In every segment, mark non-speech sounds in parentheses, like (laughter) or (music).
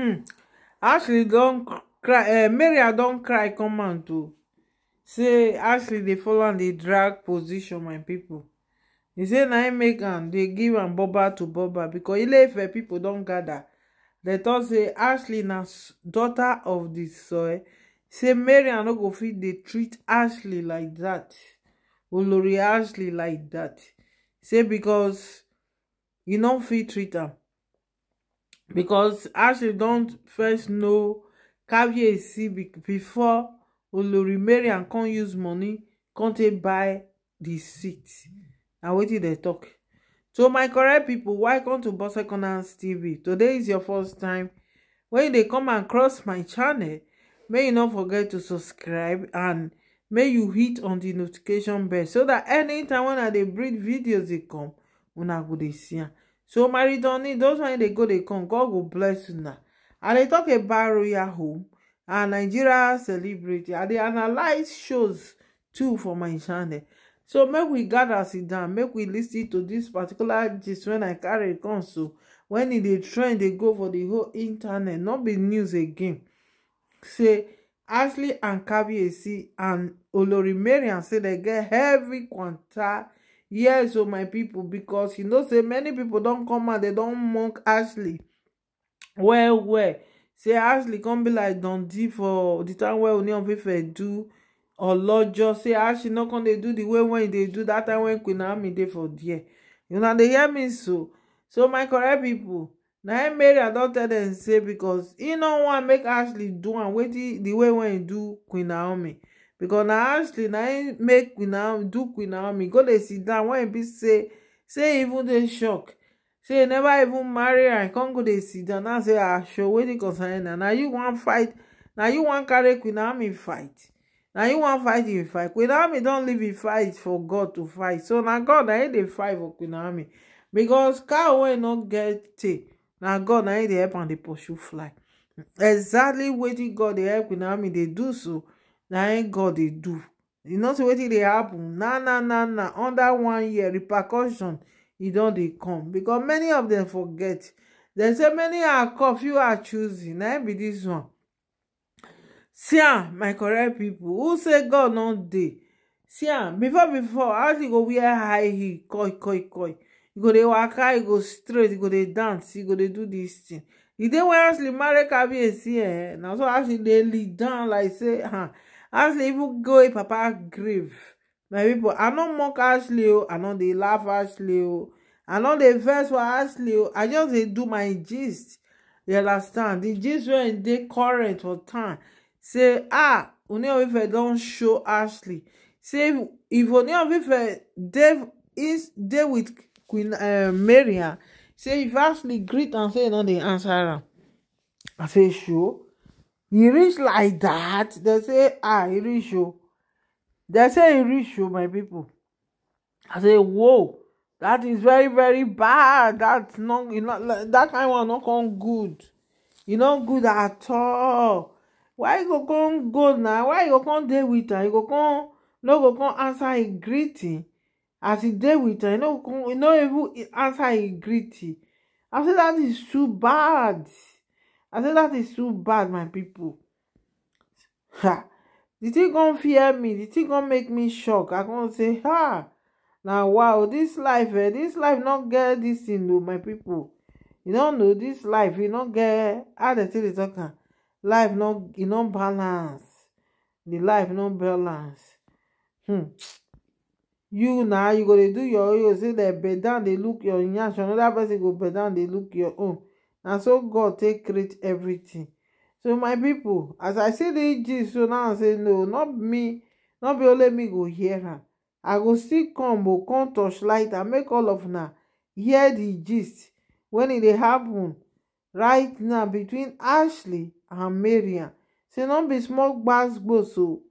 Hmm. ashley don cry uh, eh, maria don't cry come out o oh. say ashley they follow am dey drag position my people. He say now im make am they give am boba to boba becos ileife pipo don gather They thought say ashley na daughter of the soil say maria no go fit They treat ashley like that. olori ashley like that. say because you no fit treat am because ashley don't first know caviar is kabiyesi before olori mariam can't use money can't buy the seat na wetin They talk so my correct people, welcome to Boss corners tv today is your first time when they come and cross my channel May you not forget to subscribe and may you hit on the notification bell so that anytime wen i they bring videos they come una go dey see am so married only those when they go they come god will bless you now. And they talk about royal home and nigeria celebrity And they analyse shows too for my channel so make we gather sit down make we listen to this particular just when i carry come so wen e dey trend they go for the whole internet not be news again say ashley and kabiyesi and olori mariam say they get heavy kwanta yes o oh, my people, because you know say many people don't come and they don't mock ashley well well say ashley come be like dundee for the time wey union fifa do or olojo say ashley not come dey do the way when they do that time when queen army dey for You know, they hear me so so my correct people. Now mary i don tell dem say because you know, want make ashley do and am the way when e do queen naomi because na ashley na im make queen naomi do queen naomi go dey sit down wen e be say say even dey shock say e never even marry her e come go dey sit down now say ah show wetin concern na na you wan fight na you wan carry queen naomi fight na you wan fight him fight queen naomi don leave him fight for god to fight so na god na him dey fight for queen naomi because cow wey no get tail na god na him dey help am dey pursue fly exactly wetin god dey help queen naomi dey do so na im god dey do you know say wetin dey happen na na na na under one year repercussion e don dey come because many of dem forget dem say many are caught few are choosing na im be dis one see am my correct people, who say god don dey see am before before how you go wear high heel koi koi koi you go dey waka you go straight you go dey dance you go dey do dis thing the day wey ashley marry kabiyesi eh na so ashley dey lead down like say huh, ashley even go in papa grave my people, i no mock ashley i know. They laugh ashley i know. They verse for ashley i just dey do my gist you understand The gist when they e current for time say ah oni of ife don show ashley say if oni of is there with queen eh, Maria. say if ashley greet and say e no they answer am i say sure He reach like that. They say ah he reach o They say "He reach o my people." i say whoa that is very very bad That's not you know that kind one Not come good You not good at all why you go come go now? why you go come day with her? you go come no go come answer e greeting as e day with her. you no even answer e greeting i say that is too bad I say that is too bad, my people. Ha! The thing gon fear me. The thing gon make me shock. I gon say, ha! Now, wow, this life, eh, this life not get this thing, though, my people. You don't know this life. You e don't get how the thing is talking. Life not, you e don't balance. The life not balance. Hmm. you now, you go do your own you say they bend down dey look your yansh another person go bend down dey look your own na so god take create everything so my people, as i see the gist so now i say no not me not be only me go hear am i go still come go come touch and make all of una hear the gist when e dey happen right now between ashley and marian say no be small gbasgbo so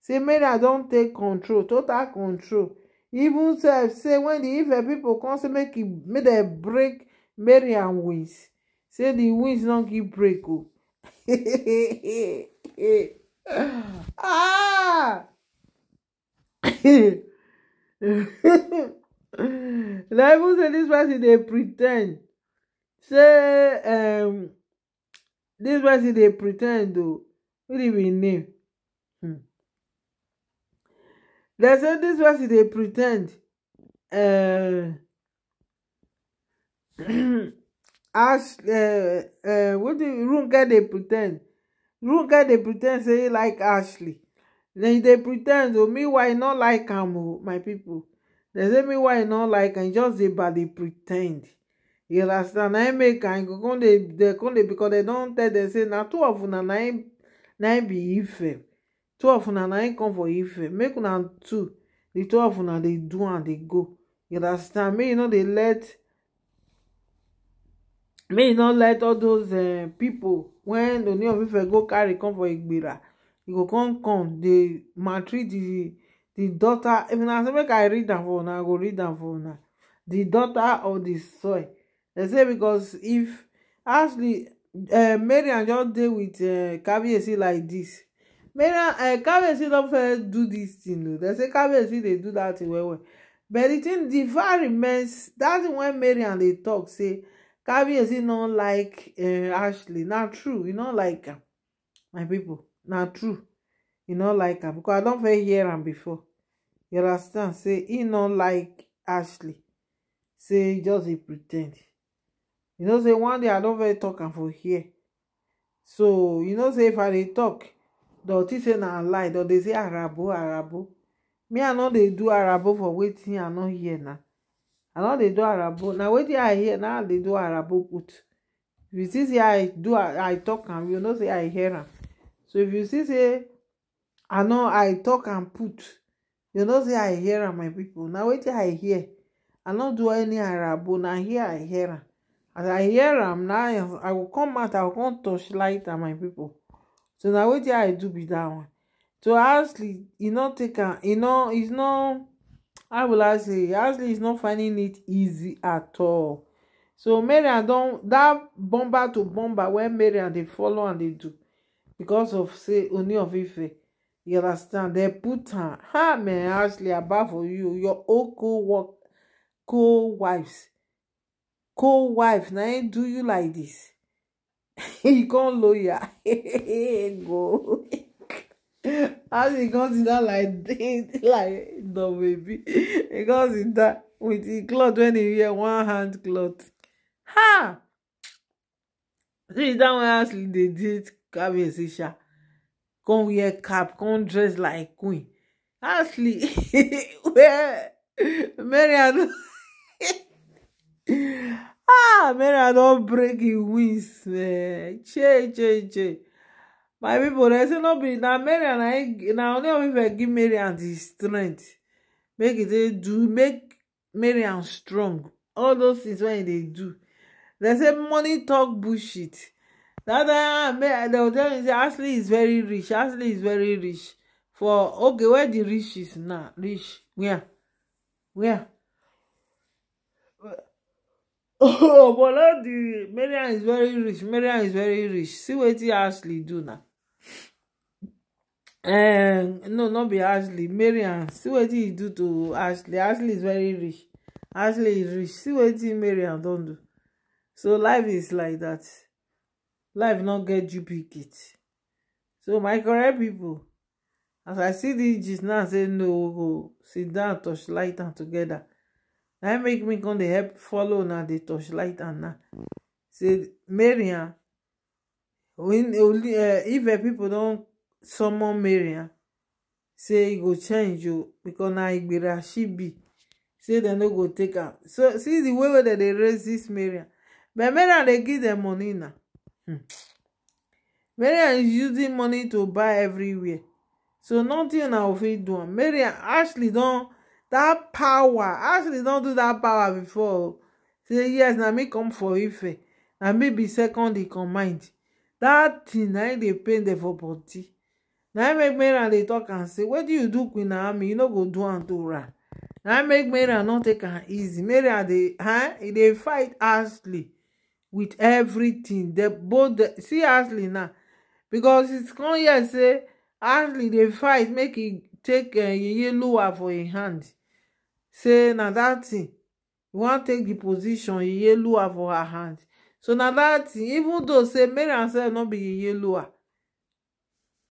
say marian don take control total control even sef say when the ife people come say make e, dem break marian wings say the winds don't gree break o oh. ah (laughs) na even say this person they pretend say um this person they pretend o oh. what e be name hmm dem say this person they pretend uh, (clears throat) ask eh eh wetin runke dey pretend runke dey pretend say e like ashley e dey pretend oh me o meanwhile e no like am o oh, my pipo dem say meanwhile e no like am e just dey bad dey pretend you understand na make am go go dey de go dey because dem don tell dem say na two of una na im be ife two of una na im come for ife make una two the two of una dey do am dey go you understand make you no dey let. May you not let all those uh, when wen oni of go carry come for igbira e go come come They maltreat the the daughter if na say make i read them for now. i go read them for now. the daughter of the soil They say because if actually uh, and John dey with uh, eh, kabiyesi like this mariam uh, eh, kabiyesi don't first do this thing o dem say kabiyesi dey do that thing well well but the thing the fact remains that's when Mary and they talk say is he not like uh, Ashley Not true you know, like am my people Not true you know, like am because I don't very hear him before you understand say he not like Ashley say just he pretend you know say one day I don't very talk am for here so you know say if I dey talk Dotty say not lie Don't they say arabo arabo me I know they do arabo for waiting. I know here na and all dey do arabu na wetin i hear na all dey do arabo put if you see say i do i talk am you know say i hear am so if you see say i know i talk am put you know say i hear am my pipo na wetin i hear i no do any arabo na here i hear am as i hear am na i go come out i go come touch light am my pipo so na wetin i do be dat one so honestly e no take am e no e how will i say ashley is not finding it easy at all so mariam don that bomber to bumper wey mariam they follow and they do because of say only of Ife you understand they put her. ha man ashley above for you your old co-work co-wives co-wife Now im do you like this (laughs) you can't lawyer. (laughs) go. (laughs) as he comes in that like (laughs) like the baby he comes in that with the cloth when he wear one hand cloth ha see that one actually dey date Kabiyesi sha come wear cap come dress like queen actually where Mariam ah Mariam don't break him wings man. che che che my people, dem say no be na mary na only of ife give mary and di strength make e eh, dey do make mary am strong all those things wey e dey do dem say money talk bullshit dat time dem tell me say ashley is very rich ashley is very rich for okay where the rich is now rich where where (laughs) oh but now the marian is very rich marian is very rich see wetin ashley do now um no not be ashley mariam see wetin he do to ashley ashley is very rich ashley is rich see wetin mariam don do so life is like that. life no get duplicate so my correct people, as i see dis just now say no go sit down torchlight am together. na make me come dey help follow una dey torchlight am now say mariam eh, if eh, people don summon maryam say e go change o because na igbera she be say dem no go take am so see the way wey dem dey raise dis maryam but maryam dey give dem money na maryam hmm. marian is using money to buy everywhere so nothing na go fit do am maryam actually don that power actually don do that power before o say yes na me come for ife na me be second in command that thing na him dey pain dem for body. na I make mary dey tok am say wetin you do queen naomi you no go do am to ra na im make mary no take am easy mary dey huh? e dey fight ashley with everything dem both see ashley now because it's come hear say ashley dey fight make he take eh, yeye lower for im e hand say na dat tin e wan take the position yeye lower for her hand so na dat tin even though say mary herself no be yeye lower